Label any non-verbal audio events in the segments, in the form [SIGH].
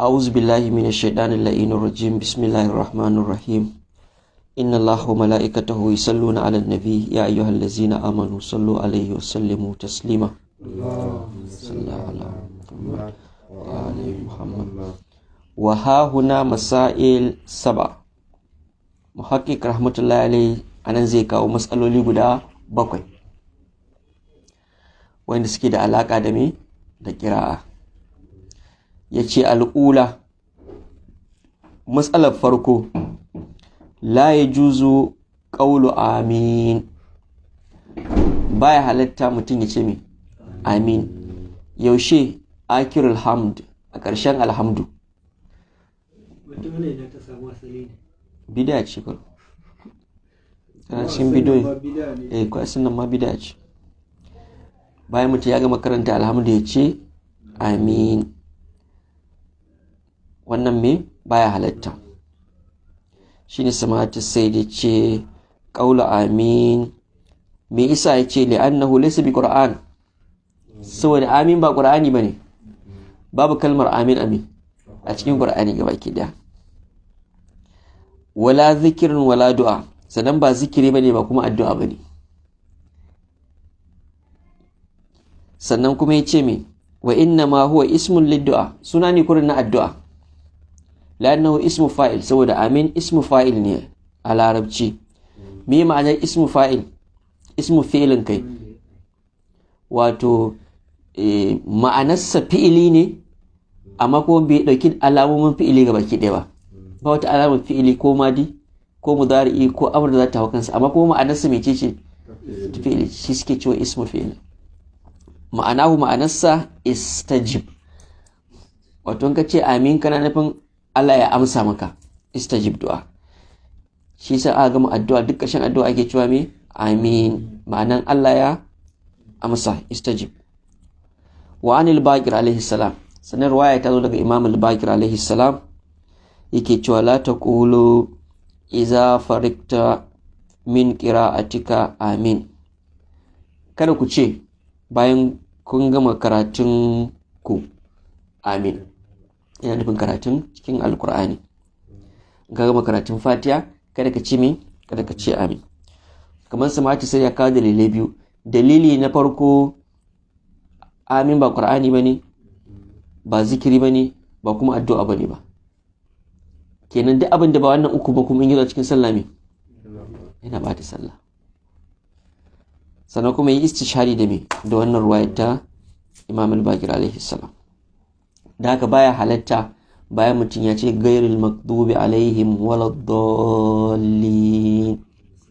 أعوذ بالله من الشيطان اللعين الرجيم بسم الله الرحمن الرحيم إن الله وملائكته يصلون على النبي يا أيها الذين آمنوا صلوا عليه وسلموا تسليما صلى على محمد وآل محمد وها هنا مسائل سبع محقق رحمة الله a أنا زيكا kawo لي بدا بقوي wanda سكيد da alaƙa da ya ce al'ula matsalar farko la ya juzu ƙaulu amin Ba ya halatta mutum ya ce mai amin yaushe akir hamd a ƙarshen alhamdu bidiya ce kawai tana cikin bidiyo eh kwasan nan ma bidiya ce bayan mutum ya gama karanta alhamdu ya ce amin wannan me baya halatta ne samatu sai da ce ƙaula amin me isa ya ce hule su bi qur'an saboda amin ba ba ne? babu kalmar amin amin a cikin ƙura'ani gaba ke da wala zikirin wala du'a sannan ba zikiri ba ne ba kuma addu'a ba ne. sannan kuma ya ce me wa inna ma huwa ismun liddu'a suna ne kurin na addu'a la'annahu ismu fa'il saboda amin ismu fa'il ne a larabci me ma'anar ismu fa'il ismu fi'ilin kai wato ma'anarsa fi'ili ne amma kuma bai ɗauki alamomin fi'ili ga baki ɗaya ba ba wata alamar fi'ili ko madi ko mudari'i ko amur da za ta hau kansa amma kuma ma'anarsa mai ce fi'ili shi suke cewa ismu fi'il ma'anahu ma'anarsa istajib wato ka ce amin kana nufin Allah ya amsa maka istajib du'a shi sa aka gama addu'a duk kashin addu'a ake cewa me amin ma'anan Allah ya amsa istajib wa anil bakir alaihi salam sanar waya ta zo daga imam al-bakir alaihi salam yake cewa la taqulu iza farikta min qira'atika amin kada ku ce bayan kun gama karatun ku amin yana nufin karatun cikin alkur'ani ka gama karatun Fatiya, kada ka ci min kada ka ce amin kamar mace sai ya kawo dalilai biyu dalili na farko amin ba qur'ani bane ba zikiri bane ba kuma addu'a bane ba kenan duk abin da ba wannan uku ba kuma in yi cikin sallah me yana ba ta sallah sannan kuma yi istishari da me da wannan ruwayar ta imam al-bakir alaihi salam da haka baya halatta bayan mutum ya ce gairil makdubi alaihim waladdallin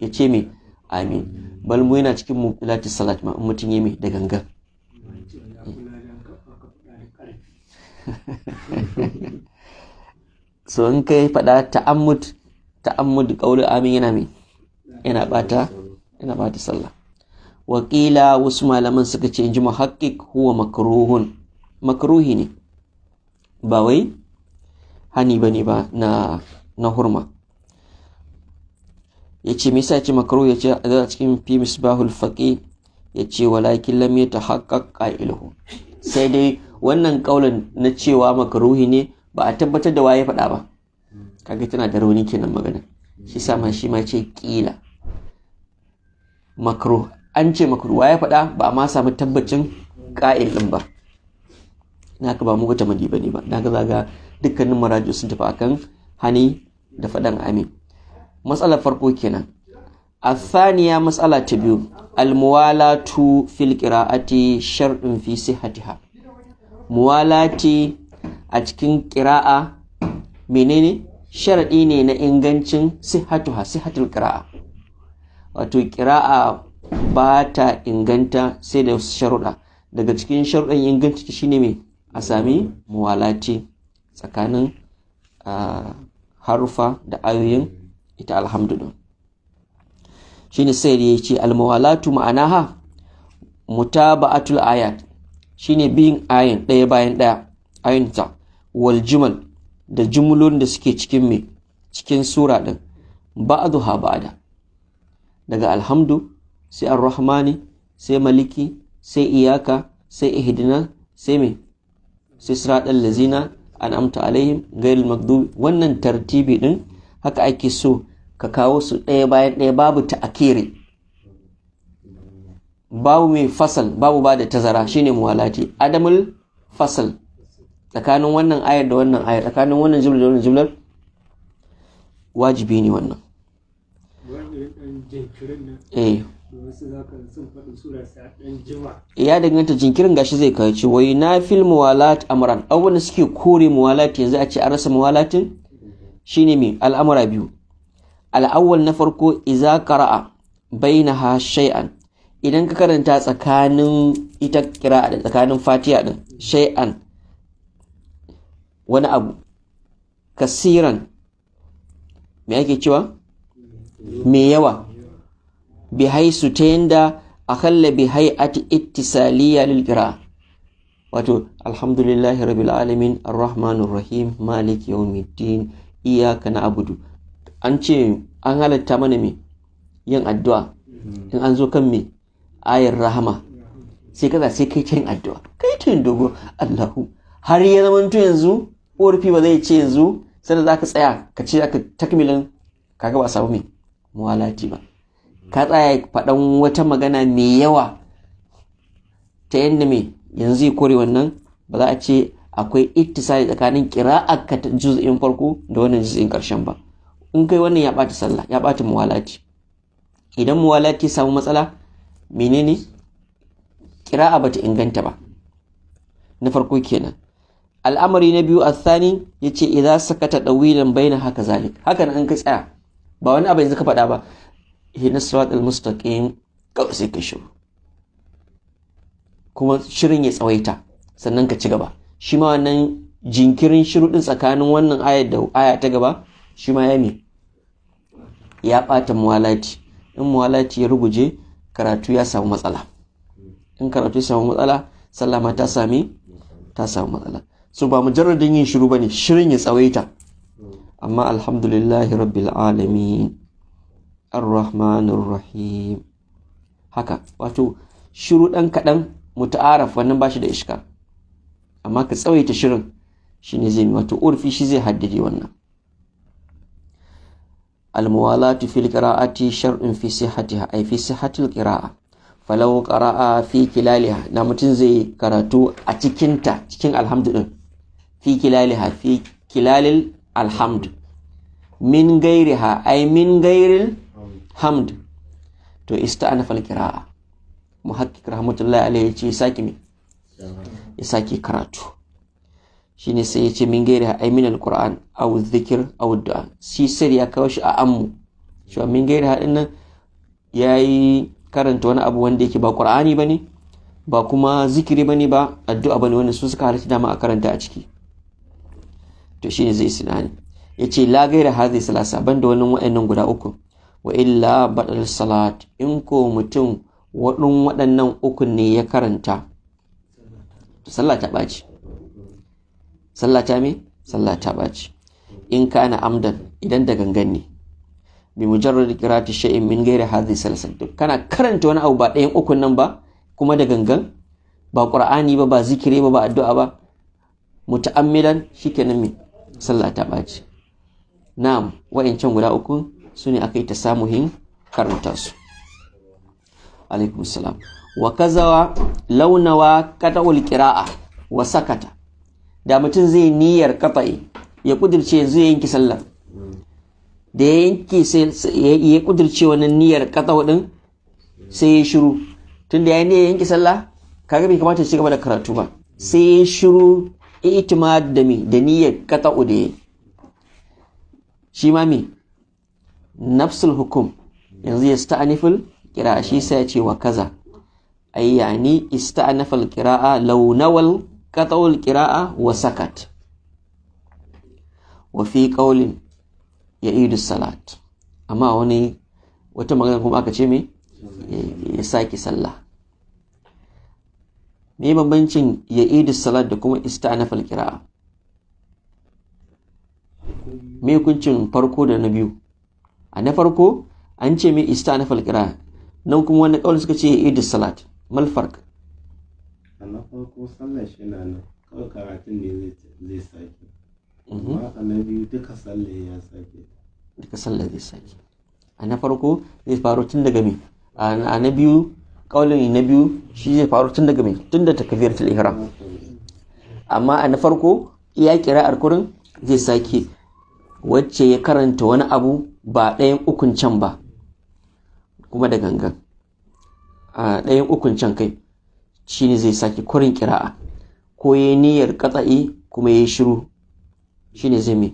ya ce me amin balmu mu yana cikin mulati salat ma mutum ya mai da gangan [LAUGHS] so in kai faɗa ta'ammud ta'ammud qaulu amin yana mai yana bata yana bata sallah wakila wasu malaman suka ce in ji muhaqqiq huwa makruhun makruhi ne ba wai hani ba ne ba na na hurma yace me yasa yace makaru ce a cikin fi misbahul ce yace walakin lam yatahaqqaq ƙa'ilu. sai dai wannan ƙaunar na cewa makaruhi ne ba a tabbatar da waye faɗa ba kaga tana da rauni kenan magana shi sama shi ma ce ƙila. makruh an ce makruh waye faɗa ba a ma samu tabbacin ƙa'il ɗin ba na haka ba mu wata madi bane ba na ga ga dukkanin maraju sun tafi akan hani da faɗan amin matsalar farko kenan matsala الثانية مسألة تبيو الموالاة fi القراءة شرط ha. Muwalati a cikin قراءة menene شرطي ne na ingancin sihatuha sihatul qira'a wato qira'a ba ta inganta sai da sharuɗa daga cikin sharuɗan inganci shine mai a sami muwalati tsakanin harufa da ayoyin ita alhamdulillah shine sai ya ce almuwalatu ma'ana ha mutaba'atul ayat shine biyin ayin ɗaya bayan ɗaya ayinta wal jimal da jumlolin da suke cikin mai, cikin sura ɗin ba da. daga alhamdu sai ar-rahmani sai maliki sai iyaka sai ihdina sai mai siratal lazina amta alaihim Gairul magdubi wannan tartibi din haka ake so ka kawo su ɗaya bayan ɗaya babu ta akere babu mai fasal babu ba da tazara shine muwalati. adamul fasal tsakanin wannan ayar da wannan ayar tsakanin wannan jimlar da wannan jimlar wajibi ne wannan eh Ya ya danganta jinkirin gashi zai kaci wai na fil muwalat amran abubuwan da suke kore muwalat yanzu a ce an rasa muwalatin shine mai al'amura biyu al'awwal na farko iza qara'a ha shay'an idan ka karanta tsakanin ita kira da tsakanin fatiha din shay'an wani abu kasiran me ake cewa me yawa bihaisu ta yanda bihai ati ittisaliya saliya wato alhamdulillahi rabbil alamin arrahmanir rahim malik yawmiddin iyyaka na'budu an ce an halatta mana me yin addu'a in an zo kan me ayar rahama sai kaza sai kai ta yin addu'a kai ta yin dogo Allahu har ya zama to yanzu orfi ba zai ce yanzu sanda za ka tsaya ka ce aka takmilin kaga ba samu me muwalati ba ka tsaya faɗan wata magana mai yawa ta yadda mai yanzu ya kore wannan ba za a ce akwai ittisali tsakanin kira'ar ka ta juz'in farko da wannan juz'in karshen ba in kai wannan ya ɓata sallah ya ɓata muwalati idan muwalati samu matsala menene kira'a bata inganta ba na farko kenan al'amari na biyu athani yace idza sakata bai na haka zalik haka na an ka tsaya ba wani abu yanzu ka faɗa ba hina siratal mustaqim kawai sai ka shiru kuma shirin ya tsawaita sannan ka ci gaba shi ma wannan jinkirin shiru din tsakanin wannan ayar da aya ta gaba shi ma ya me ya bata muwalati in muwalati ya ruguje karatu ya samu matsala in karatu ya samu matsala sallama ta sami ta samu matsala so ba mujarradin yin shiru bane shirin ya tsawaita amma alhamdulillahi rabbil alamin ar-rahmanur rahim haka wato shiru ɗan kaɗan muta'araf wannan shi da iska amma ka tsawaita shirin shine zai wato urfi shi zai haddade wannan الموالاة في القراءة شرع في صحتها أي في صحة القراءة falau qara'a fi kilaliha na mutum zai karatu a ta cikin alhamdu din fi kilaliha fi kilalil alhamdu min gairiha ai min gairil hamd to ista'ana fal qira'a muhaqqiq rahmatullahi alaihi ce saki me ya saki karatu shine sai yace min gairi ai min alquran aw dhikr aw du'a si sir ya kawo shi a ammu shi min gairi hadin nan yayi karanta wani abu wanda yake ba qur'ani bane ba kuma zikiri bane ba addu'a bane wanda su suka halarci dama a karanta a ciki to shine zai sinani yace la gaira hadhihi salasa banda wannan wa'annan guda uku wa illa baɗar salat in ko mutum waɗin waɗannan ukun ne ya karanta sallah ta ɓaci sallah ta me sallah ta ɓaci in kana amdan idan da gangan ne bi mujarrad qira'ati shay'in min ghairi hadhihi salsal duk kana karanta wani abu ba ɗayan ukun nan ba kuma da gangan ba qur'ani ba ba zikiri ba ba addu'a ba muta'ammidan shikenan me sallah ta ɓaci na'am can guda uku su ne aka yi ta samuhin karanta su alaikum salam wa kazawa launawa kata'ul qira'a wa sakata da mutum zai niyyar kafai ya kudirce yanzu ya yanki sallar da ya yanki ya kudirce wannan niyyar kata'u din sai ya shiru tunda ya ne yanki sallah kaga bai kamata ya ci gaba da karatu ba sai ya shiru itimad da mi da niyyar kata'u da shi ma mi nafsul hukum yanzu ya sta'anifil ƙira'a shi sai ce wa kaza ayyani yani ƙira'a kira'a launawal qatawul kira'a wa sakat wa fi ya idu salat amma wani wata magana kuma aka ce me ya saki sallah me bambancin ya idu salat da kuma ista'anafal kira'a me kuncin farko da na biyu a na farko an ce mai ista na falkira nan kuma wani kawai suka ce idu salat malfark a na farko sallar shi na nan kawai karatun ne zai sake mhm. a na biyu duka sallar ya sake duka sallar zai sake a na farko zai faru tun daga mai a na biyu kaulin na biyu shi zai faru tun daga mai tun da takabiratul tilihira amma a na farko ya kira arkurin zai sake wacce ya karanta wani abu ba ɗayan ukun can ba kuma da gangan a ɗayan ukun can kai shine zai sake kurin kira'a ko ya yi niyyar katsa'i kuma ya yi shiru shine zai mai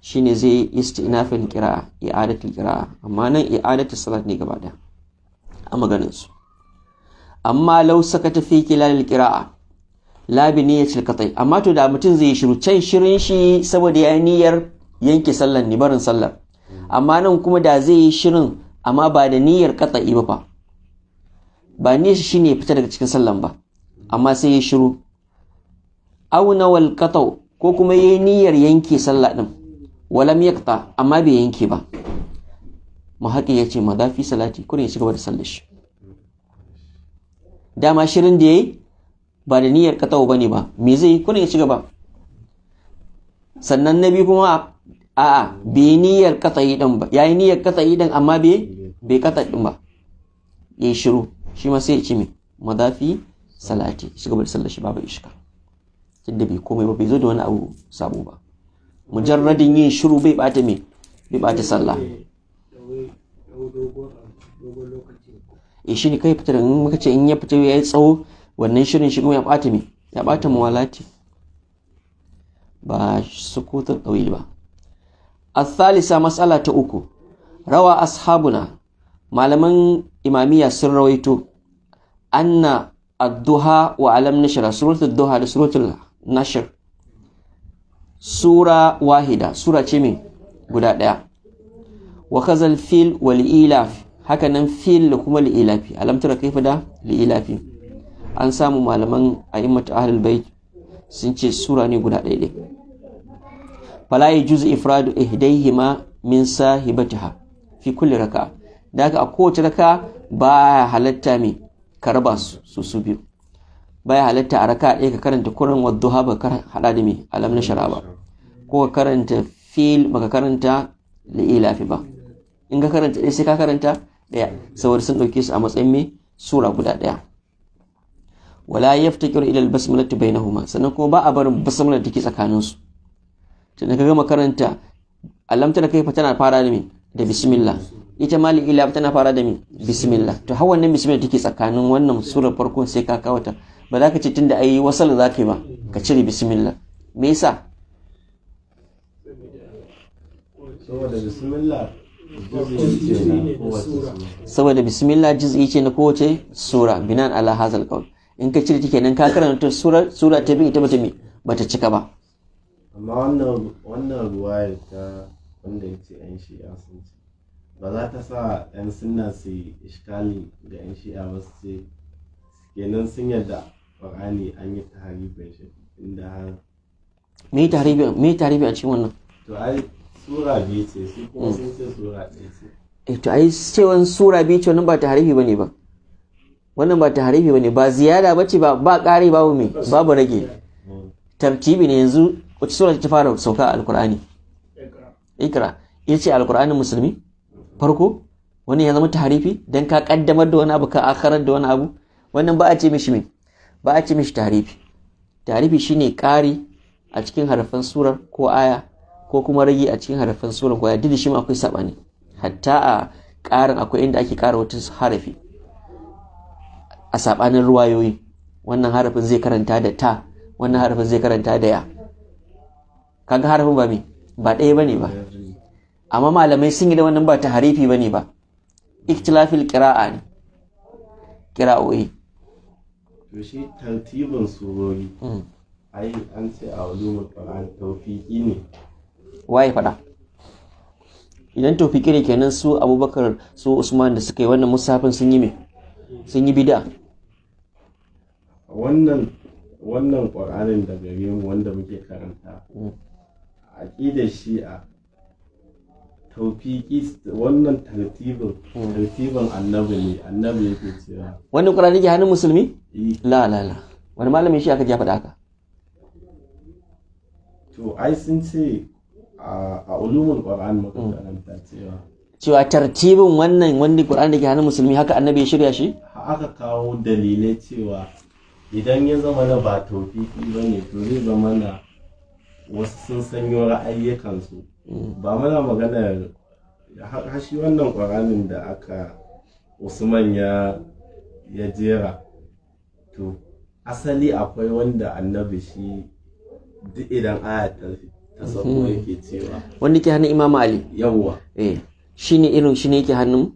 shine zai yi istinafin kira'a i'adatul kira'a amma nan i'adatul salat ne gaba da a maganin su amma law sakata fi kilalil kira'a la bi niyyatil qat'i amma to da mutum zai shiru can shirin shi saboda ya yi niyyar yanke sallar ne barin sallar amma nan kuma da zai yi shirin amma ba da niyyar katsa'i ba ba ba niyyar shi ne fita daga cikin sallan ba amma sai ya shiru auna wal qatau ko kuma ya yi niyyar yanke sallah din walam yaqta amma bai yanke ba ma, yace fi salati kurin ya gaba da sallar shi dama shirin da yayi ba da niyyar ba bane ba me zai kurin ya ci gaba sannan nabi kuma a'a bai niyyar kasa yi ɗan ba yi niyyar kasa yi ɗan amma bai bai kasa ɗin ba yi shiru shi ma sai ya ci me madafi salati shi gaba da sallar shi babu ishka tunda bai komai ba bai zo da wani abu sabo ba mujarradin yin shiru bai bata mai bai bata sallah e shi ne kai fitar in muka ce in ya fita ya yi tsawo wannan shirin shi kuma ya bata mai ya bata mawalati ba sukutar ɗauyi ba A Athalisa matsala ta uku, rawa ashabuna, malaman imamiya sun rawaito, anna adduha wa alam nashira, suratul duha da suratul nashar. Sura wahida, sura ce mai guda ɗaya. Wa fil wa li'ilafi, haka nan fil da kuma li'ilafi, alamtara kaifa da li'ilafi. An samu malaman a'immatu ahlul bait sun ce sura ne guda ɗaya ɗaya. fala yajuzu ifradu hima min sahibatiha fi kulle raka. da a kowace raka ba halatta mai ka su su biyu baya halatta a raka ɗaya ka karanta kuran ha ba ka hada da mai alam na shara ba ko ka karanta fil ba ka karanta da ilafi ba in ka karanta ɗaya sai ka karanta ɗaya saboda sun ɗauke su a matsayin mai sura guda ɗaya wala yaftakiru ila na bainahuma sannan kuma ba a barin basmalar take tsakaninsu tunda ka gama karanta alamta da fa tana fara da mi da bismillah ita mali ila tana fara da mi bismillah to har wannan bismillah take tsakanin wannan surar farko sai ka kawo ta ba za ka ce tunda ayi wasal za ka yi ba ka cire bismillah me yasa saboda bismillah saboda juz'i ce na kowace sura binan ala hazal qaul in ka cire take nan ka karanta sura sura ta bi ita bata me bata cika ba amma wannan ruwa ruwayar ta wanda ya ce yan shi'a sun ce ba za ta sa yan sunna su yi iskali ga yan shi'a ba su ce kenan sun yadda ƙwarani an yi taharibin shi inda har me tarihi a cikin wannan to ai sura biyu ce su kuma mm. sun ce sura ɗaya ce eh, to ai cewan sura biyu ce wannan ba tarihi bane ba wannan ba tarihi bane ba ziyada bace ba ba kare babu me babu rage mm. tartibi ne yanzu wacce sura ta fara sauka a alkur'ani ikra ya ce alkur'anin musulmi farko wani ya zama ta harifi, don ka kaddamar da wani abu ka akarar da wani abu wannan ba a ce mishi mai ba a ce mishi ta harifi. harifi shi ne ƙari a cikin harafin surar ko aya ko kuma rage a cikin harafin surar ko aya duk da shi akwai saɓani, hatta a ƙarin akwai inda ake ƙara wata harafi a sabanin ruwayoyi wannan harafin zai karanta da ta wannan harafin zai karanta da ya kaga harafin ba me ba ɗaya bane ba amma malamai sun yi da wannan ba ta harifi bane ba ikhtilafil qira'a ne qira'o'i to shi tartibin surori hmm. ai an ce a wani qur'an tawfiqi ne waye fada idan tawfiqi ne kenan su abubakar su usman da suka yi wannan musafin sun yi me sun yi bid'a wannan wannan ƙwararren da mu wanda muke karanta hmm. aƙidar shi'a taufiki wannan tartibin tartibin annabi ne annabi yake cewa wannan qur'ani ke hannun musulmi eh. la la la wani malamin shi aka ji haka to ai sun ce a ulumin qur'an muka hmm. cewa cewa tartibin wannan wani da ke hannun musulmi haka annabi ya shirya shi aka kawo dalilai cewa idan ya zama na ba ba ne, to zai zama na wasu sun sanyo ra'ayyukansu ba mana magana hashi wannan ƙwararren da aka usman ya ya jera to asali akwai wanda annabi shi duk idan aya ta sako hmm. yake cewa wanda ke hannun imam ali yawwa eh ne irin shi ne yake hannun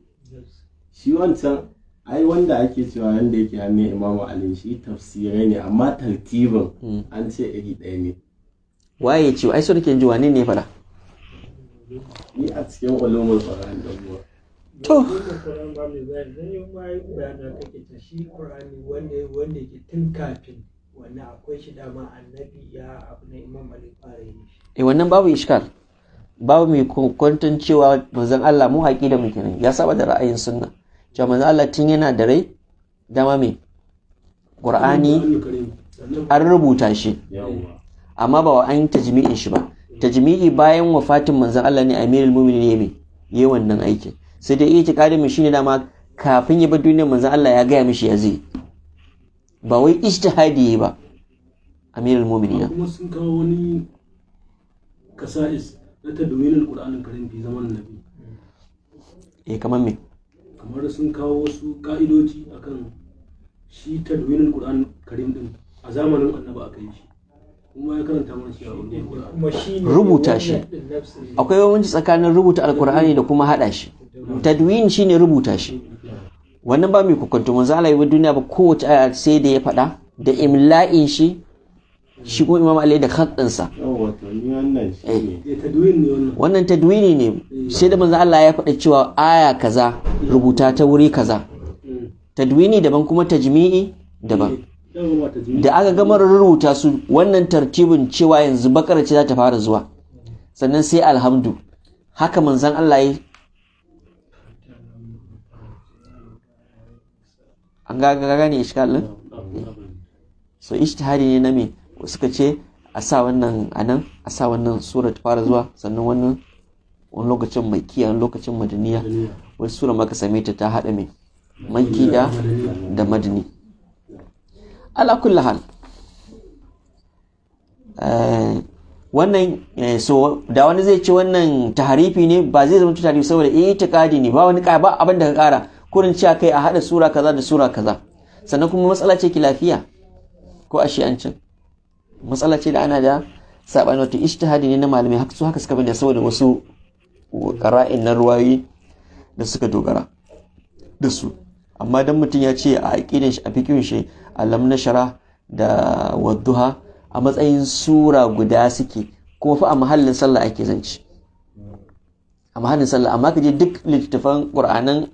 shi wancan ai wanda ake cewa wanda yake hannun imam ali shi tafsirai ne amma tartibin hmm. an ce iri ɗaya ne waye ya ce ai so nake ji wane ne fara ni a cikin to wanda wannan babu iskal babu mai kwanton cewa manzon Allah mu haƙi da muke ya saba da ra'ayin sunna cewa manzon Allah tun yana da rai dama mai Qur'ani an rubuta shi amma ba wa an tajmi'in shi ba tajmi'i bayan wafatin manzon Allah ne amirul mu'minin ne yi wannan aikin sai dai itiqadin mu shine dama kafin ya bar duniyar manzon Allah ya gaya mishi ya zai ba wai ijtihadi ba amirul mu'minin kuma sun kawo wani kasa'is na tadwin alqur'anin karim fi zaman nabi eh kamar me kamar sun kawo wasu ka'idoji akan shi tadwin alqur'an karim din a zamanin annabi aka yi shi rubuta shi akwai yawanci tsakanin rubuta alkur'ani da kuma hada shi tadwin shine rubuta shi wannan ba mai kokonto manzo Allah wa duniya ba kowace aya sai da ya faɗa da imla'in shi shi kuma imam Ali da khaddin eh. eh, wannan tadwini ne eh. sai da manzo Allah ya faɗa cewa aya kaza rubuta ta wuri kaza tadwini daban kuma tajmi'i daban da aka gama rubuta su wannan tartibin cewa yanzu bakar ce za ta fara zuwa sannan sai alhamdu haka manzan Allah ya an gaga ne iskalin so ishtihari ne na me suka ce a sa wannan anan a sa wannan sura ta fara zuwa sannan wannan wani lokacin mai kiya wani lokacin madaniya wani sura maka same ta ta haɗa mai manki da madani ala kulli hal eh, wannan eh, so da wani zai ce wannan taharifi ne ba zai zama taharifi saboda itiqadi ne ba wani ba abin da ka kara kurin cewa kai a hada sura kaza da sura kaza sannan kuma matsala ce ki lafiya. ko a shi'ancin matsala ce da ana da sabani wato ijtihadi ne na malamai haka su haka suka bada saboda wasu qara'in na ruwayi da suka dogara da su amma don mutum ya ce a aƙidin shi a fikin shi alam shara da wadduha a matsayin sura guda suke kuma fa a mahallin sallah ake zance a mahallin sallah amma kaje duk littattafan qur'anan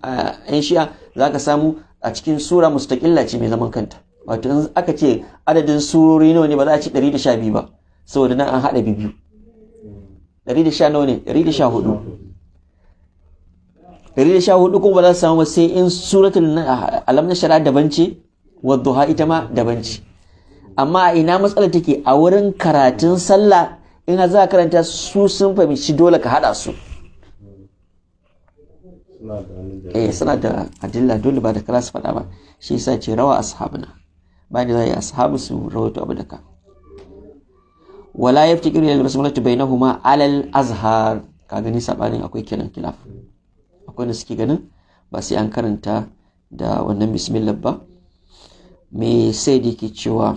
yan shi'a ka samu a cikin sura mustaqilla ce mai zaman kanta wato in aka ce adadin surori nawa ne ba za a ci 112 ba saboda nan an haɗa biyu 112 nawa ne 114 dari da sha hudu kuma ba za su samu sai in suratul ah, alam na shara daban ce wadduha ita ma daban ce amma a ina matsala take a wurin karatun sallah in har za karanta su sun fahimci dole ka hada su eh suna da adilla dole ba da kara su faɗa ba shi yasa ce rawa ashabuna ba da zai ashabu su ta abu da ka wala yaftiqiru ila bai basmalati bainahuma alal azhar ka gani sabanin akwai kiran kilafu akwai wanda suke ganin ba sai an karanta da wannan bismillah ba me sai da ke cewa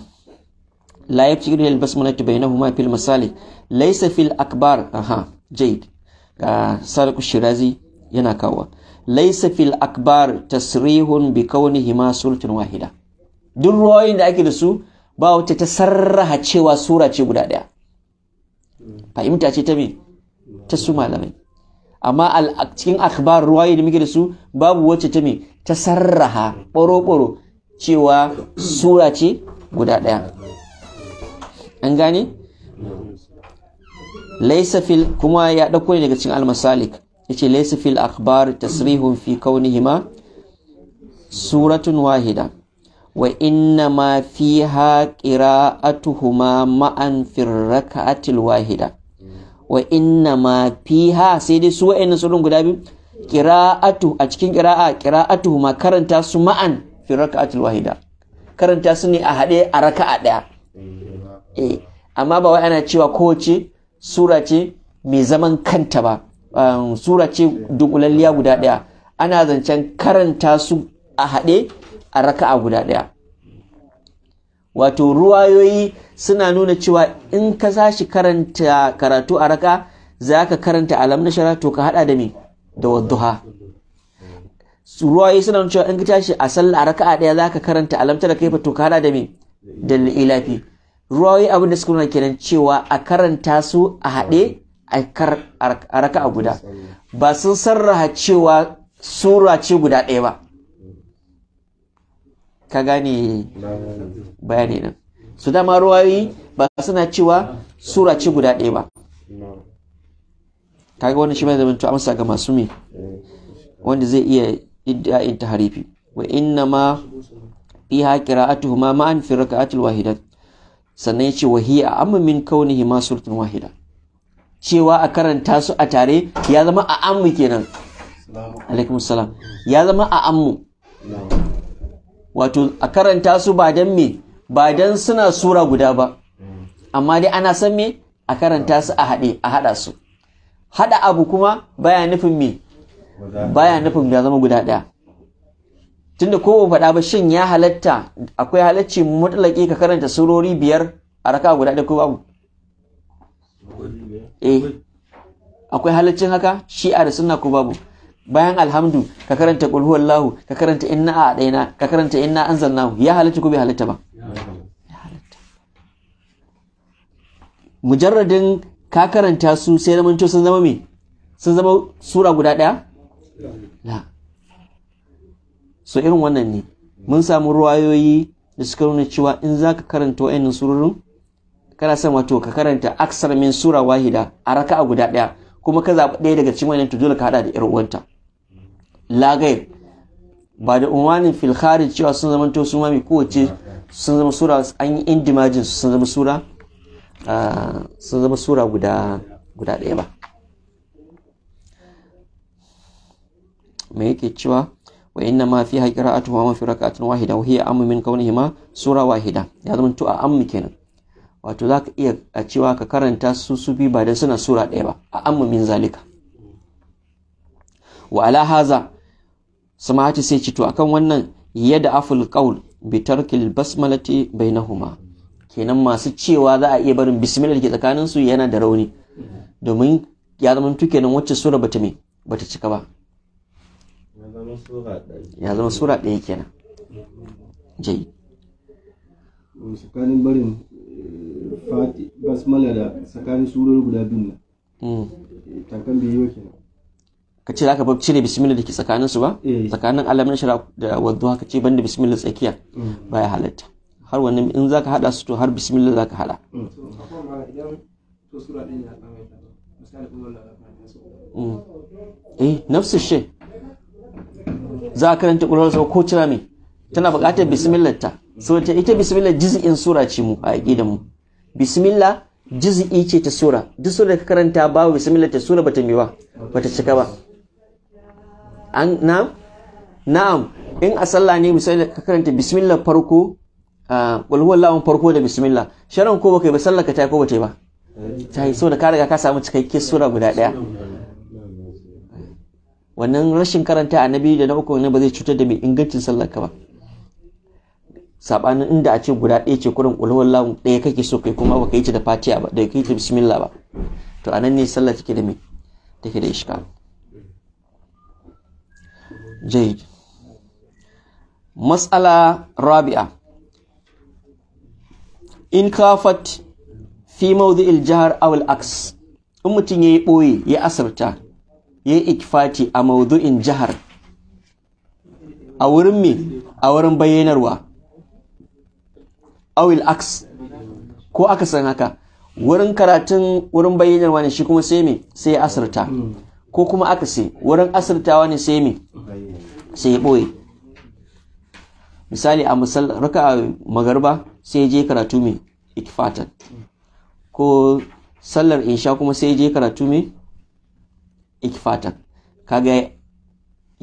la yabti ila basmala huma fil misali laisa fil akbar aha ga sarku shirazi yana kawo Laisafil fil akbar tasrihun bi Hima sultan wahida duk ruwayoyin da ake da su ba wata ta sarraha cewa sura ce guda daya fahimta ce ta me ta su malamai amma cikin akhbar ruwaye da muke da su babu wacce ta mai ta sarraha ɓoro-ɓoro cewa sura ce guda ɗaya an gane Laisafil kuma ya ɗauko ne daga cikin almasalik ya ce Laisafil akhbar tasrihun fi kaunihima suratun wahida wa inna ma a tuhuma ma'an firraka'atil wahida wa inna ma fiha sai dai su wa'annan sunan guda biyu qira'atu a cikin qira'a qira'atu ma karanta su ma'an fi raka'atul wahida karanta su ne a haɗe a raka'a ɗaya eh, amma ba wai ana cewa kowace sura ce mai zaman kanta ba um, sura ce dunkulalliya guda ɗaya ana zancen karanta su a haɗe a raka'a guda ɗaya wato ruwayoyi suna nuna cewa in ka sashi karanta karatu a raka za ka karanta alam na shara to ka hada da me da wadduha ruwaye suna nuna cewa in ka tashi a sallah a raka daya za ka karanta alam ta da kaifa to ka hada da me da ilafi ruwaye abin da suka nuna kenan cewa a karanta su a haɗe a a guda ba sun sarraha cewa sura ce guda ɗaya ba ka gane bayani nan su dama ruwayoyi ba suna cewa sura ce guda ɗaya ba Ka ga wani shi mai zama amsa ga masu me eh. wanda zai iya ta harifi wa inna ma tuhuma ma an fi raka'atil wahida. sannan yace wa hiya amma min kaunihi ma wahida cewa a karanta su a tare ya zama a ammu kenan alaikum salam ya zama a ammu wato a karanta su ba don me ba don suna sura guda ba amma dai ana san me a karanta su a haɗe a haɗa su haɗa abu kuma baya nufin me baya nufin ya zama guda ɗaya tunda ko ba faɗa ba shin ya halatta akwai halacci mutlaki ka karanta surori biyar a raka guda ɗaya ko babu eh akwai halaccin haka shi'a da sunna ko babu bayan alhamdu ka karanta qul huwallahu ka karanta inna a ɗaina ka karanta inna anzalnahu ya halatta ko bai halatta ba mujarradin ka karanta su sai na sun zama me sun zama sura guda ɗaya na so irin wannan ne mun samu ruwayoyi da suka nuna cewa in za ka karanta wa'in surorin kana son wato ka karanta aksar min sura wahida a a guda ɗaya kuma ka zaɓi ɗaya daga cikin wannan to dole ka haɗa da ƴar uwanta lagayar ba da umarnin filharin cewa sun zama to su mami kowace sun zama sura an yi indimajin sun zama sura Ah, sun zama sura guda guda ɗaya ba me yake cewa wa inna ma fiha qira'atuhu ma fi tun wahida wahiyya amma min min hima, sura wahida ya zama tu a ammu kenan wato za ka iya a cewa ka karanta su su bi ba don suna sura ɗaya ba a amma min zalika wa ala haza samahati sai ci to akan wannan yadda aful qaul bi tarkil basmalati bainahuma kenan masu cewa za a iya barin bismillah ke tsakanin su yana da rauni domin ya zama tuke nan wacce sura bata me bata cika ba ya zama sura ɗaya kenan jai tsakanin barin eh, basmala da tsakanin surar guda biyu hmm. takan tankan yi kenan ka ce za ka cire bismillah da ke tsakaninsu ba eh. tsakanin alamun shara da wadda ka ce banda bismillah tsakiya hmm. ya halatta har wannan in zaka hada su to har bismillah zaka hada mm. eh nafsu shi za a karanta ƙulawar sau ko cira mai tana buƙatar bismillah ta so ta ita bismillah juz'in sura ce mu a da mu bismillah juz'i ce ta sura duk sura da ka karanta ba bismillah ta sura bata mewa, ba bata cika ba an na'am na'am in a sallah ne misali ka karanta bismillah farko Ah, wal huwa farko da bismillah sharan ko baka yi ba sallar ka ta ko bata yi ba ta so da ka riga ka samu cikakke sura guda daya wannan rashin karanta annabi da na uku ne ba zai cutar da mai ingancin sallar ka ba sabanin inda a ce guda ɗaya ce kurin ulwar lahu daya kake so kai kuma baka yi ta da fatiha ba da kai ta bismillah ba to anan ne sallah take da mai take da ishka jayyid mas'ala rabi'a in kafat fi mawdhi'il jihar aw aks in mutum ya yi ɓoye ya asirta yi ikifati a mawdhi'in jihar a wurin me a wurin bayyanarwa awil aks ko aka san haka wurin karatun wurin bayyanarwa ne shi kuma sai me sai ya asirta hmm. ko kuma aka sai wurin asirtawa ne sai me sai ya ɓoye misali a misal raka magarba sai je karatu mai ikifatan ko sallar insha kuma sai je karatu mai ikifatan kaga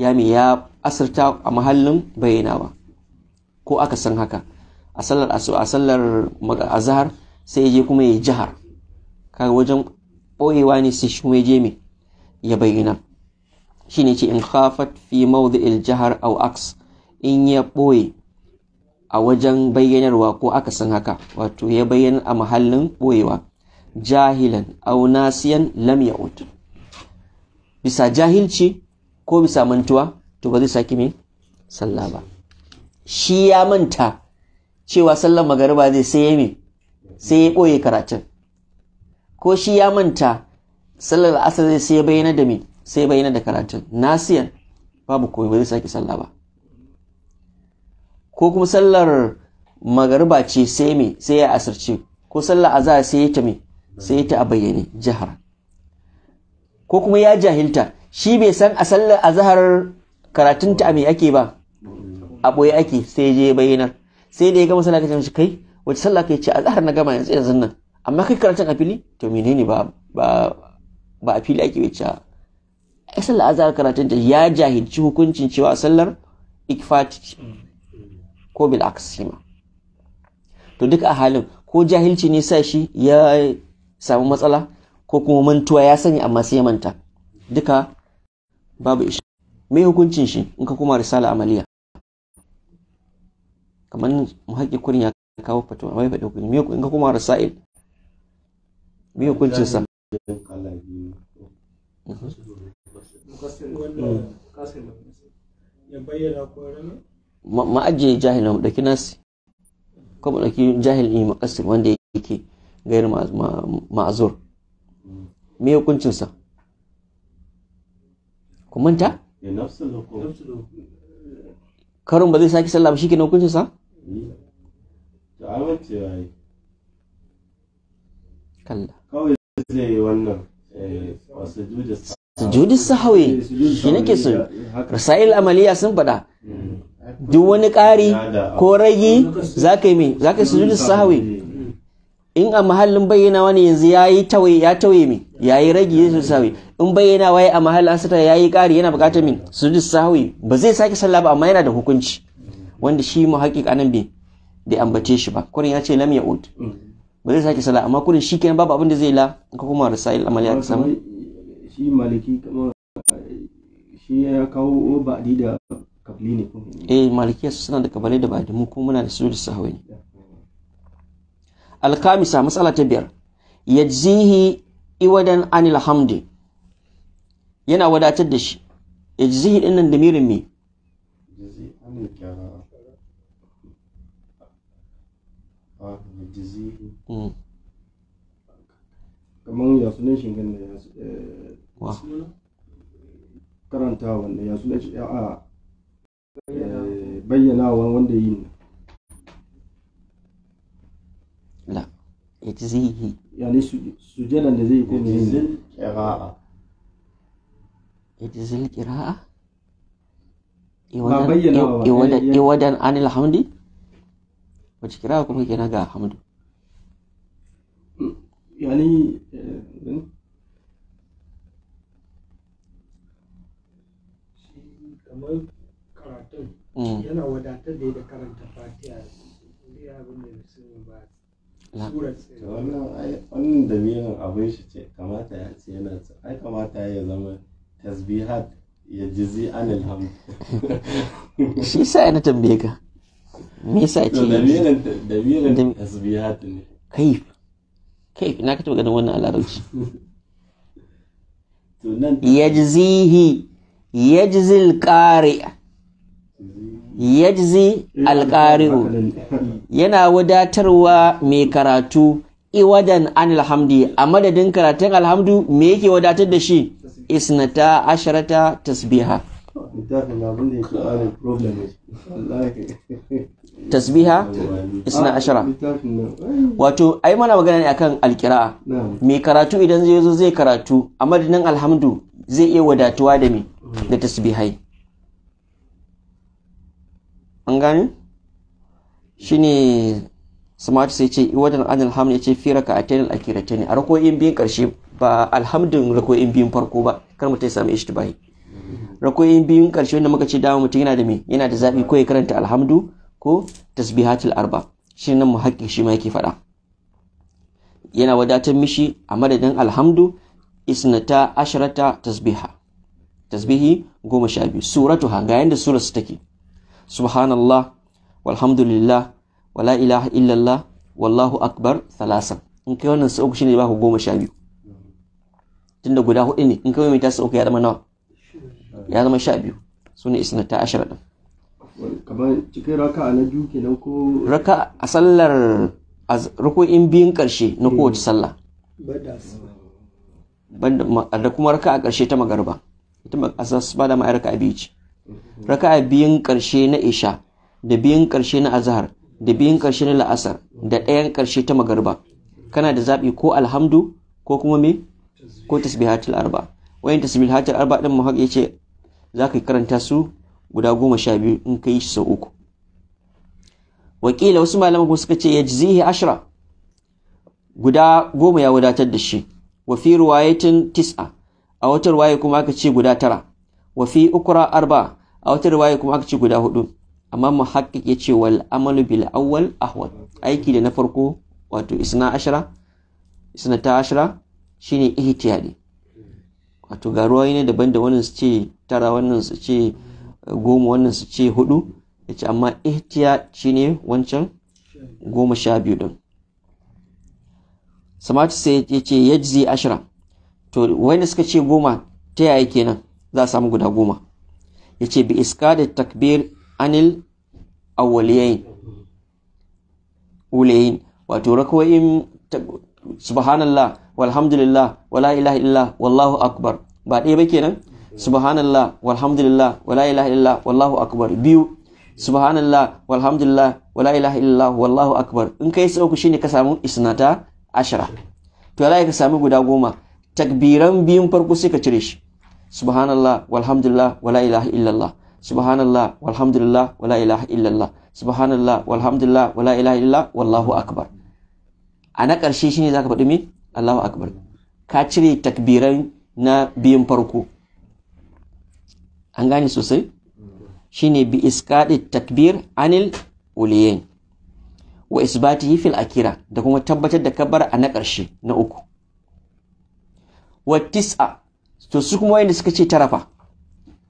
ya mai ya asirta a mahallin ba, ko aka san haka a sallar aso a sallar azhar sai je kuma ya jihar kaga wajen boyewa ne sai shi kuma ya je mai ya bayyana shine ce in khafat fi mawdi'il jihar au aks in ya ɓoye a wajen bayyanarwa ko aka san haka wato ya bayyana a mahallin boyewa jahilan au nasiyan lam ya'ud bisa jahilci ko bisa mantuwa to ba zai saki me sallah ba shi ya manta cewa sallar magariba zai sai ya me sai ya boye karatun ko shi ya manta sallar asar zai sai ya bayyana da me sai bayyana da karatun nasiyan babu komai ba zai saki sallah ba ko kuma sallar magariba ce sai me sai ya asirce ko sallar azhar sai ta me sai ta a bayyane jihar ko kuma ya jahilta shi bai san a sallar azhar karatun ta me ake ba a boye ake sai je bayyanar sai da ya gama sallah kace kai wace sallah kai ce azhar na gama yanzu yanzu nan amma kai karatun a fili to menene ba ba ba a fili ake wuce ai sallar azhar karatun ta ya jahilci hukuncin cewa sallar ikfati ko bil aksima to duk a halin ko jahilci ne sa shi ya samu matsala ko kuma mantuwa ya sani amma sai ya manta duka babu ishi me hukuncin shi in ka kuma risala amaliya kamar mu haƙƙi kurin ya kawo fatuwa mai faɗi hukunci me in ka kuma risa'il me hukuncin sa ya bayyana ko rana ma ajiye jahilin mu ɗauki nasi ko mu ɗauki jahilin makasir wanda yake gayar ma'azur me hukuncinsa ku manta? karon ba zai sake sallah ba shi kenan hukuncinsa? kalla kawai zai wannan eh, sujudis sahawi shi nake so rasail amaliya sun faɗa hmm. duk wani ƙari ko ragi za ka yi mai za ka yi sujudu sahawi in a mahallin bayyanawa wani yanzu ya yi tawaye ya tawaye mai ya yi ragi ya sujudu sahawi in bayyanawa waye a mahallin asata ya yi ƙari yana buƙatar min sujudu sahawi ba zai sake sallah ba amma yana da hukunci wanda shi mu haƙiƙa nan bai da ambace shi ba kurin ya ce lam ya ud ba zai sake sallah amma kurin shi kenan babu abin da zai la ka kuma rasail amaliyat sama shi maliki kamar shi ya kawo ba'di da kabli ne eh malikiya suna da kabalai da bai da mu ko muna da su sujud sahwi ne alkamisa matsala ta biyar yajzihi iwadan anil hamdi yana wadatar da shi yajzihi din nan damirin me hmm. kamar ya sunan shingen da ya eh, karanta wanda ya sunan shi a bayyanawa wanda yi la yajzihi yani sujadan da zai kuma yin qira'a yajzil qira'a iwadan anil hamdi kuma ga hamdu yani eh, eh, kamar Mm. yana wadatar da da karanta fatiha da abin da musulmi ba wannan dalilin abin shi ce kamata ya ce yana ai kamata ya zama tasbihat ya jizi an ilham [LAUGHS] shi sa yana tambaye ka me yasa ce dalilin dalilin tasbihat ne kai kai na ka taba ganin wannan alarauci [LAUGHS] ya jizihi ya jizil qari'a yajzi alƙari'u yana wadatarwa mai karatu iwadan an alhamdi a madadin karatun alhamdu me yake wadatar da shi isnata asharata tasbiha tasbiha isna ah, ashara wato ai mana magana ne akan alkira'a mai karatu idan zai zo zai karatu a madadin alhamdu zai iya wadatuwa da me da tasbihai an gane shine smart sai ce wajen an hamd ya ce fi raka'atayn al-akhiratayn a rakoyin biyun karshe ba alhamdun rakoyin biyun farko ba kar mutum ya samu ishtibahi rakoyin biyun karshe wanda muka ce dama mutum yana da me yana da zabi ko ya karanta alhamdu ko tasbihatul arba shi nan muhakkik shi ma yake faɗa yana wadatar mishi a madadin alhamdu isnata ashirata tasbiha tasbihi goma sha biyu suratu ha ga yanda surarsu take subhanallah walhamdulillah wala ilaha illallah wallahu akbar thalasa in kai wannan sau shine ba ku goma sha biyu tunda guda hudu ne in kai mai ta sau ya zama nawa ya zama sha biyu ne isna ta ashara din kamar cikin raka na biyu kenan ko raka a sallar rukunin biyun karshe na hmm. kowace sallah banda da kuma raka a karshe ta magarba ita ma asas ba da ma'aikata a biyu ce raka'a biyun ƙarshe na isha da biyun ƙarshe na azhar da biyun ƙarshe na la'asar da ɗayan ƙarshe ta magarba kana da zaɓi ko alhamdu ko kuma me ko tasbihatul arba wayan tasbihatul arba din mu ya ce za ka karanta su guda goma sha biyu in ka yi sau uku wakila wasu malaman kuma suka ce ya jizihi ashira guda goma ya wadatar da shi wa fi ruwayatin tis'a a wata ruwaye kuma aka ce guda tara wa fi ukura arba a wata riwaya kuma aka ce guda hudu amma mu ya ce wal amalu bil awwal ahwal aiki da na farko wato isna ashara isna ta ashara shine ihtiyadi wato ga ruwayi ne daban da wannan su ce tara wannan su ce eh, goma wannan su ce hudu ya ce amma ihtiya shine wancan goma sha biyu din samati sai ya ce yajzi ashira to wanda suka ce goma ta yaya kenan za a samu guda goma yace bi da takbir anil awwaliyain ulayin wato rakawoyin subhanallah walhamdulillah wala ilaha illa wallahu akbar ba ɗaya ba kenan subhanallah walhamdulillah wala ilaha illa wallahu akbar biyu subhanallah walhamdulillah wala ilaha illa wallahu akbar in kai sai uku shine ka samu isnata ashara to lai ka samu guda goma takbiran biyun farko sai ka cire shi subhanallah walhamdulillah wala ilaha illallah subhanallah walhamdulillah wala ilaha illallah subhanallah walhamdulillah wala ilaha illallah wallahu akbar a na ƙarshe shi ne za zaka faɗi min? Allahu akbar ka cire takbiran na biyun farko an gane sosai Shi ne bi iskaɗi takbir anil uliyin wa isbatihi fil akira da kuma tabbatar da kabar a na ƙarshe na uku wa tis'a to su kuma wayanda suka ce tarafa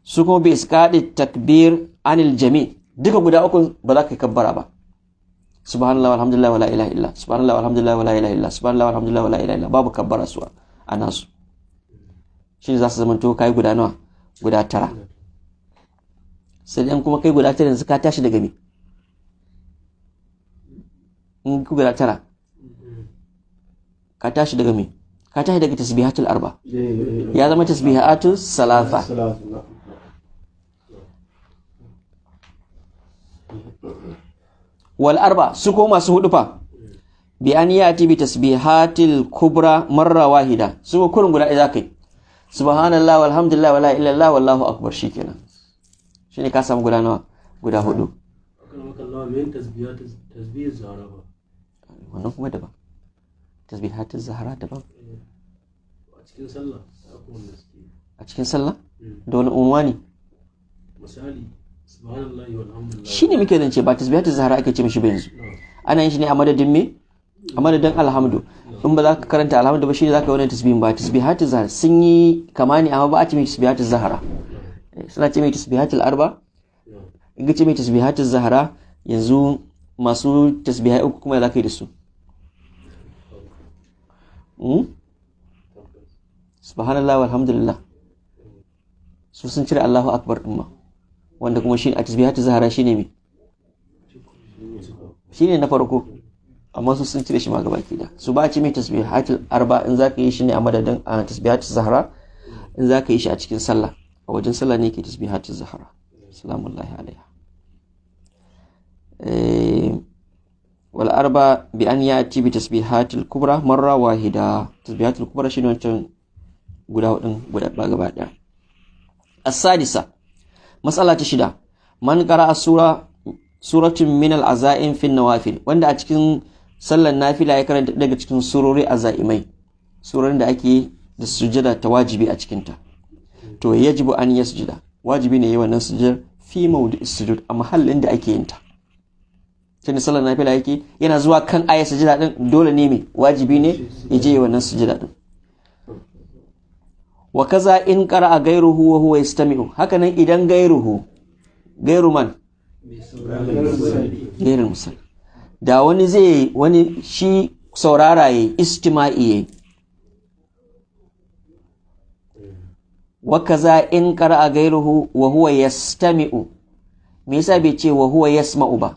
su kuma bai haɗe takbir anil jami duka guda uku ba za ka kabbara ba subhanallah alhamdulillah wala ilaha illa subhanallah alhamdulillah wala ilaha illa subhanallah alhamdulillah wala ilaha illa babu kabbara su a nasu shi za su zama to kai guda nawa guda tara sai dan kuma kai guda tara yanzu ka tashi daga me in guda tara ka tashi daga me ka tashi daga tasbihatul arba eh, eh, eh. ya zama tasbihatu salafa wal arba su ko masu hudu fa bi an yati bi tasbihatil kubra marra wahida su ko kurin guda za kai subhanallah walhamdulillah wala illallah wallahu akbar shikenan shine ka samu guda nawa guda hudu wannan tasbihatul zahra daban a cikin sallah hmm. da wani unwani misali subhanallahi walhamdulillah shine muke zance ba ta zahara ake ce mishi ba yanzu ana yin shi ne a madadin me a madadin alhamdu in ba za ka karanta alhamdu ba shine za ka yi wannan tasbihin ba ta zahara sun yi kama ne amma ba a ce mai ta zahara suna ce mai tasbihatu arba in ka ce mai ta zahara yanzu masu tasbihai uku kuma za ka yi da su subhanallah walhamdulillah su sun cire Allahu akbar din ma wanda kuma shi a zahara shine me shine na farko amma su sun cire shi ma gaba da su ba ci mai tasbihatul arba in zaka yi shi ne a madadin a tasbihatu zahara in zaka yi shi a cikin sallah a wajen sallah ne ke tasbihatu zahara salamu alaihi alaiha eh, wal arba bi an bi tasbihatul kubra marra wahida tasbihatul kubra shine wancan guda hudun guda ba gaba daya as-sadisa matsala ta shida man qara'a sura suratun min al-azaim fi nawafil wanda a cikin sallar nafila ya karanta daga cikin surori azaimai surorin da ake da sujada ta wajibi a cikinta to yajibu an yasjuda wajibi ne yi wannan sujjar fi maudu sujud a mahallin da ake yin ta tun sallar nafila yake yana zuwa kan ayar sujada din dole ne mai wajibi ne ya je wannan sujada din wa kaza in a gairuhu wa huwa yastami'u haka nan idan ghayruhu gairu man gairu musal da wani zai wani shi saurara ya istima'i ya wa kaza in qara'a ghayruhu wa huwa yastami'u me yasa bai ce wa huwa yasma'u ba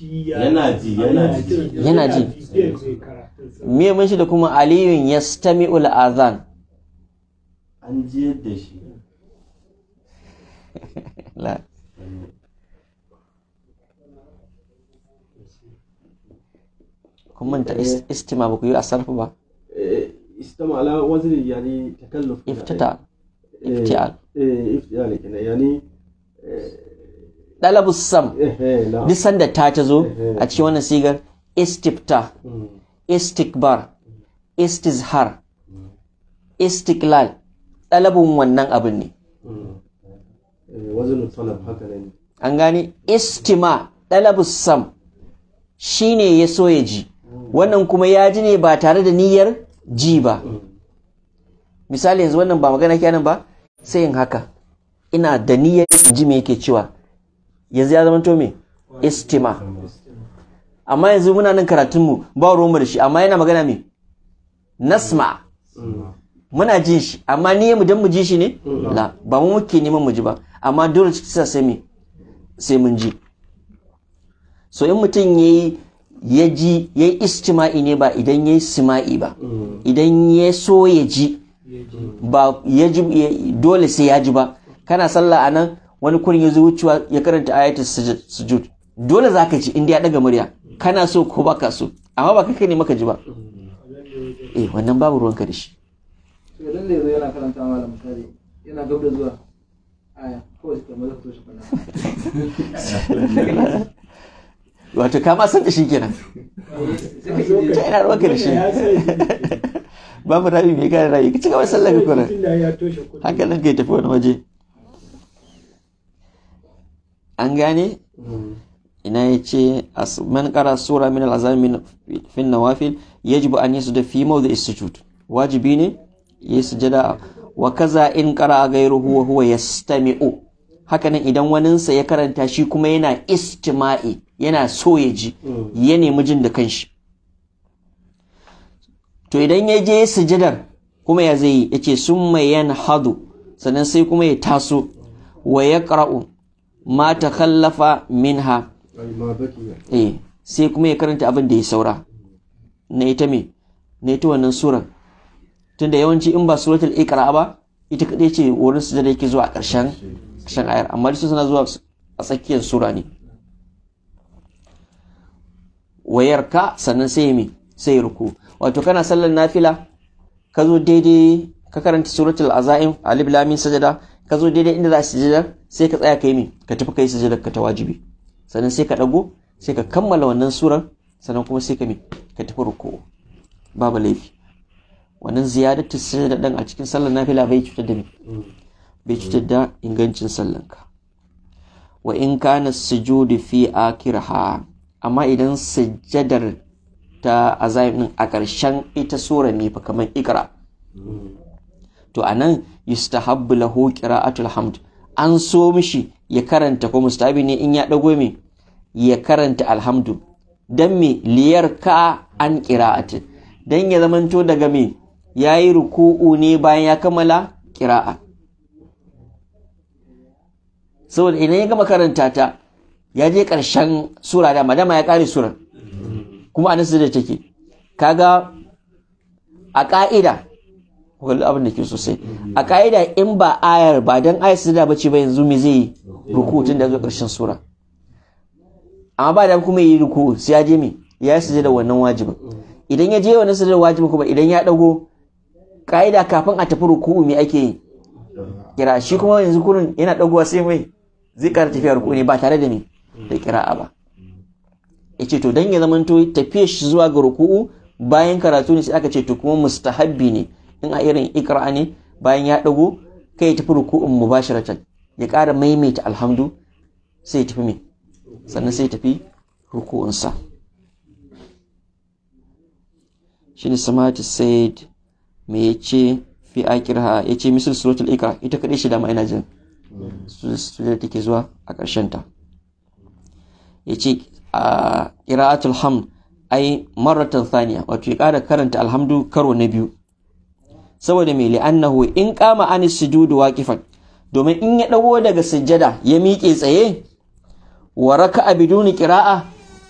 yana ji yana ji me mun shi da kuma aliyun stami ul'azan an ji yadda shi kuma [LAUGHS] kun manta eh. istima ba ku yi asarfu ba eh, istima ala waziri yani takalluf iftita eh, iftial iftial yani ɗalabus sam eh, eh, duk sanda ta ta zo eh, a cikin wannan sigar istifta mm. istikbar mm. istizhar mm. istiklal dalabun wannan abin ne an gane istima ɗalabus sam shi ne ya so ya ji wannan kuma ya ji ne ba tare da niyyar ji ba misali yanzu wannan ba magana kenan ba sai yin haka ina da niyyar ji me yake cewa yanzu ya zama to me istima amma yanzu muna nan karatunmu ba ruwanmu da shi amma yana magana me nasma muna jin shi amma ni mu dan mu ji shi ne la ba mu muke neman mu ji ba amma dole ci sa sai me sai mun ji so in mutum yayi ya ji ya yi istima'i ne ba idan ya yi sima'i ba idan ya so ya ji ba ya ji dole sai ya ji ba kana sallah anan wani kun ya wucewa ya karanta ayatul sujud dole zaka ji inda ya daga murya kana so ko baka so amma ba kai ne maka ji ba eh wannan babu ruwanka da shi idan da yana karanta malam yana gab da zuwa shi wato kama san da shi kenan ta ina ka da shi mu rabi mai gane rayu ka ci gaba sallar ka kuna haka nan kai tafi wani waje an gane hmm. ina ya ce man kara sura min al'azar min fin nawafil yajibu an yi su da fi da wajibi ne ya su sujada wa kaza in kara a gairu huwa huwa ya Haka hakanan idan waninsa ya karanta shi kuma yana istima'i yana so ya ji hmm. ya nemi jin da kanshi to idan ya je sujadar kuma ya zai ya ce sun mai yan hadu sannan sai kuma ya taso wa ya kara'u ma ta kallafa minha eh sai kuma ya karanta abin da ya saura na ita me na ita wannan surar tunda yawanci in ba suratul iqra ba ita kadai ce wurin su da yake zuwa a ƙarshen ƙarshen ayar amma su suna zuwa a tsakiyar sura ne wayarka sannan sai mi sai ruku wato kana sallar nafila ka zo daidai ka karanta suratul azaim alif lamin sajada ka zo daidai inda za su sujadar sai ka tsaya kai mi ka tafi kai sujadar ka ta wajibi sannan sai ka dago sai ka kammala wannan surar sannan kuma sai ka mi ka tafi ruku babu laifi wannan ziyadatu sujada dan a cikin sallar nafila bai cutar da mi bai cutar da ingancin sallar ka wa in kana sujudu fi akirha amma idan sujadar ta azayin a ƙarshen ita sura ne fa kamar ikra to anan yustahabbu lahu qira'atul hamd an so mishi ya karanta ko mustabi ne in ya dago me ya karanta alhamdu dan me liyar ka an qira'atin dan ya zamanto daga me yayi ruku'u ne bayan ya kammala qira'a saboda idan ya gama karanta ta ya je karshen sura da. Madama ya kare sura kuma a anan da take kaga a ƙa'ida wani abin da ke sosai a ka'ida in ba ayar ba don ayar sujada ba ce ba yanzu me zai yi ruku tun da zuwa ƙarshen sura amma ba da kuma yi ruku sai ya je me ya yi sujada wannan wajibin idan ya je wannan sujada wajibin kuma idan ya dago ka'ida kafin a tafi ruku mai ake yi kira shi kuma yanzu kurin yana dagowa sai mai zai ƙara tafiya ruku ne ba tare da me da kira'a ba ce to don ya zamanto tafiya shi zuwa ga ruku'u bayan karatu ne sai aka ce to kuma mustahabbi ne in a irin ikra ne bayan ya dago kai tafi ruku'un mubasharatan ya ƙara maimaita alhamdu sai tafi mai sannan sai ya tafi ruku'unsa ne samati said me ce fi akirha ce misal suratul ikra ita kadai shi da ina jin su da take zuwa a ƙarshen ta ce a ƙira'atul hamd ai maratan thaniya wato ya ƙara karanta alhamdu karo na biyu saboda mai li'annahu in kama an sujudu waqifan domin in ya dago daga sujjada ya miƙe tsaye wa raka'a biduni qira'a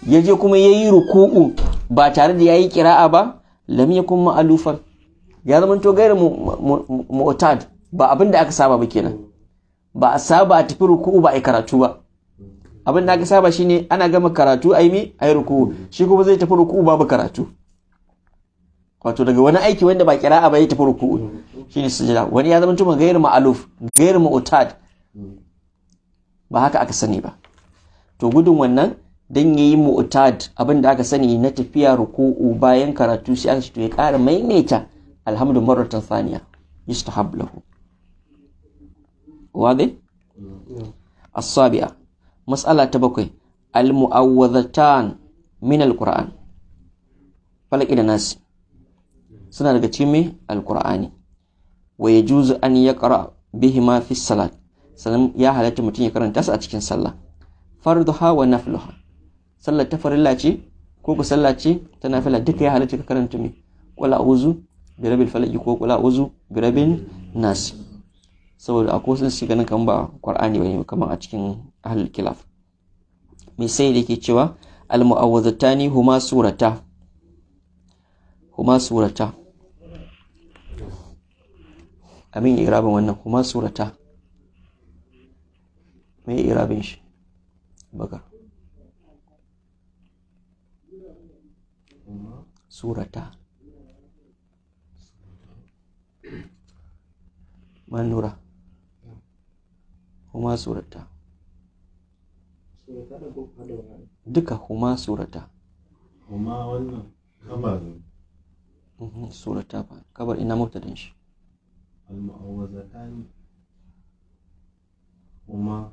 ya je kuma yayi ruku'u ba tare da yayi qira'a ba lam yakun ma'alufan ya zama to gairu mu'tad ba abin da aka saba ba kenan ba a saba a tafi ruku'u ba a karatu ba abin da aka saba shine ana gama karatu a yi mi a ruku'u shi kuma zai tafi ruku'u babu karatu wato daga wani aiki wanda ba kira'a ba ya tafi ruku'u shine sujada wani ya zama tuma gayar ma'aluf gairu ma'utad ba haka aka sani ba to gudun wannan dan yayi mu'tad abin da aka sani na tafiya ruku'u bayan karatu sai an ce to ya ƙara maimaita alhamdu marratan thaniya yustahab lahu Wa as-sabi'a mas'ala ta bakwai al-mu'awwadhatan min al-qur'an falaki da nasi suna daga cikin mai alkur'ani wa ya juzu an ya kara bihi ma fi salat sannan ya halatta mutum ya karanta su a cikin sallah farduha wa nafluha sallar ta farilla ce ko ku sallah ce ta nafila duka ya halatta ka karanta mai kula uzu bi rabil falaki ko kula uzu bi rabin nas saboda akwai sun shiga nan kan ba qur'ani bane kamar a cikin ahlul kilaf mai sai da ke cewa al mu'awwazatani huma surata kuma surata amin irabin wannan kuma surata mai irabin shi bakar surata manura kuma surata duka kuma surata kuma wannan kama الصورة التابعة كبر إنا مبتدا شي المعوذتان هما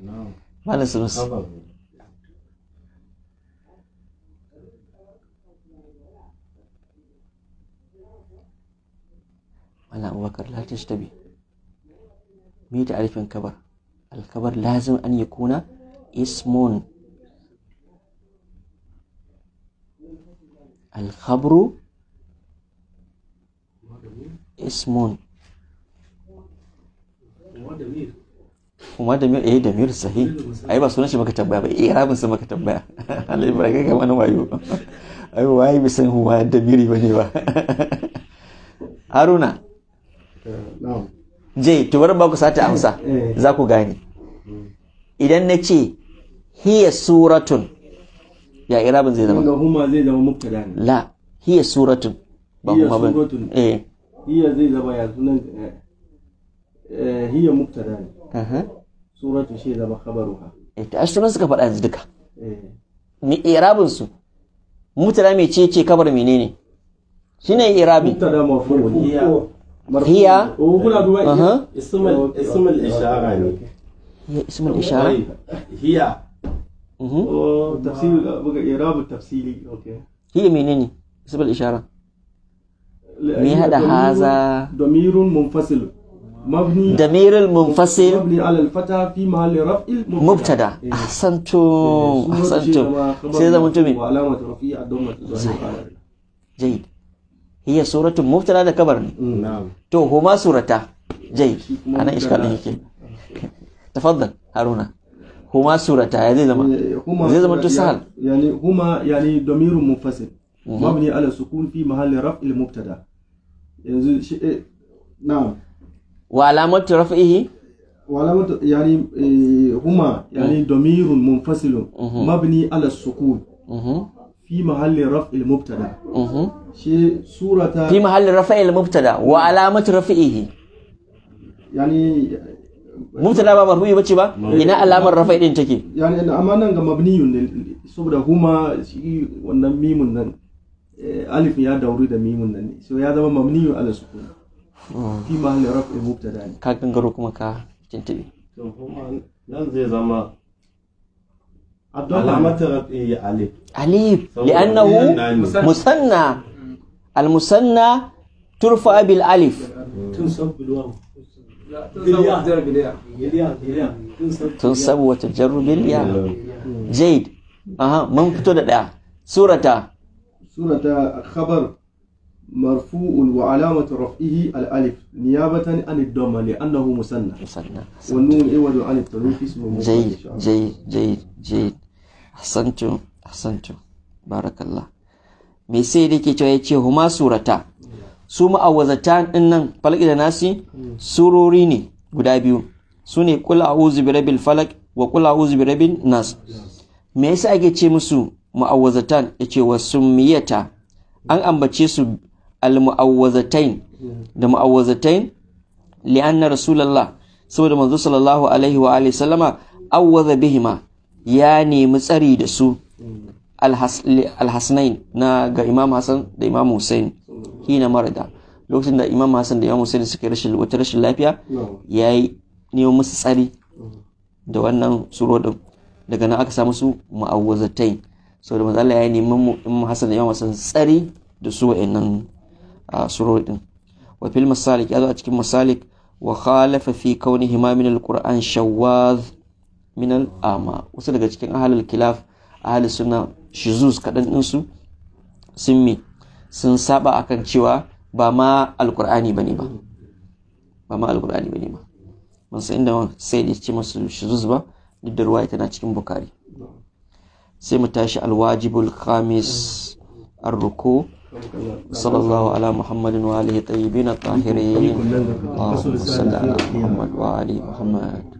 ما معلش ما أنا أبو بكر لا تشتبه مين تعريف الكبر الكبر لازم أن يكون اسم الخبر اسم وما دمير ايه دمير صحيح ايوه سنه شبكه تبع ايه رابن سمكه تبع على البركه كمان وايو ايوه واي أيوة، بسن هو دمير بني با [LAUGHS] هارونا نعم je tubar ba ku sata amsa [LAUGHS] eh. za ku gane idan na ce hiya suratun ya irabin zai zama huma zai zama mubtada ne la hiya suratun ba huma ba eh hiya zai zama ya sunan eh, eh, hiya mubtada ne suratun shi zama khabaruha eh ta ashirin suka faɗa yanzu duka ni irabin su mubtada mai ce ce kabar menene shine irabin mubtada maf'ul هي وكنا دواء أه. اسم اسم يعني هي اسم هي تفسير هي منين اسم haza damirul munfasil mabni ala alfata sai zama tumi هي سورة مبتلى كبرني نعم تو هما سورتا جاي انا اشكال هيك تفضل هارونا هما سورتا يا زلمة يعني هما زي زلمة تسهل يعني هما يعني ضمير منفصل مبني على السكون في محل رفع المبتدا يعني ش... إيه. نعم وعلامة رفعه وعلامة يعني إيه هما يعني ضمير منفصل مبني على السكون مه. fi mahallin raf'il mubtada mhm. shi surata fi mahallin raf'il mubtada wa alamatu raf'ihi yani mubtada ba marfu'i bace ba ina alamar raf'i din take yani amma nan ga mabniyun ne saboda huma shi wannan mimun nan eh, alif ya dauri da mimun nan so ya zama mabniyun ala sukun hmm. fi mahallin raf'il mubtada ne ka gangaro kuma ka tintibi to huma nan zai zama علامة ألف ألف لأنه مثنى المثنى ترفع بالألف تنصب بالواو تنصب وتجر بالياء جيد أها من فتو سورة سورة خبر مرفوع وعلامة رفعه الألف نيابة عن الضمة لأنه مثنى مثنى والنون عوض عن التنوين اسمه جيد جيد جيد جيد hasantu hasantu barakallah me sai da ke cewa ya ce huma surata su ma'awazata ɗin nan falak da nasi surori ne guda biyu su ne kula a bi birabin falak wa kula a bi birabin nas me yasa ake ce musu ma'awazatan yace miyata, an ambace su al maawazatain da mu'awwazatain li'anna sulallah, saboda manzo sallallahu alaihi wa alaihi sallama awwaza bihima ya nemi tsari da su alhasnain na ga imam hassan da imam hussein na marada lokacin da imam hassan da imam hussein suka yi rashin wata rashin lafiya ya yi neman musu tsari da wannan surodin daga nan aka samu su ma'awazatai saboda da Allah ya nemi imam hassan da imam hussein tsari da su wa'annan surodin wa fil masalik ya zo a cikin masalik wa khalafa fi kaunihi ma min alquran shawaz minal ama wasu daga cikin ahalul kilaf ahalul suna shizuz kaɗan ɗinsu sun mi sun saba akan cewa ba ma alkur'ani ba ne ba ba ma alkur'ani ba ne ba ban san inda sai da ce masu shizuz ba duk da ruwa tana cikin bukari sai mu tashi alwajibul khamis arruku صلى الله على محمد وآله الطيبين الطاهرين اللهم صل على محمد وآل محمد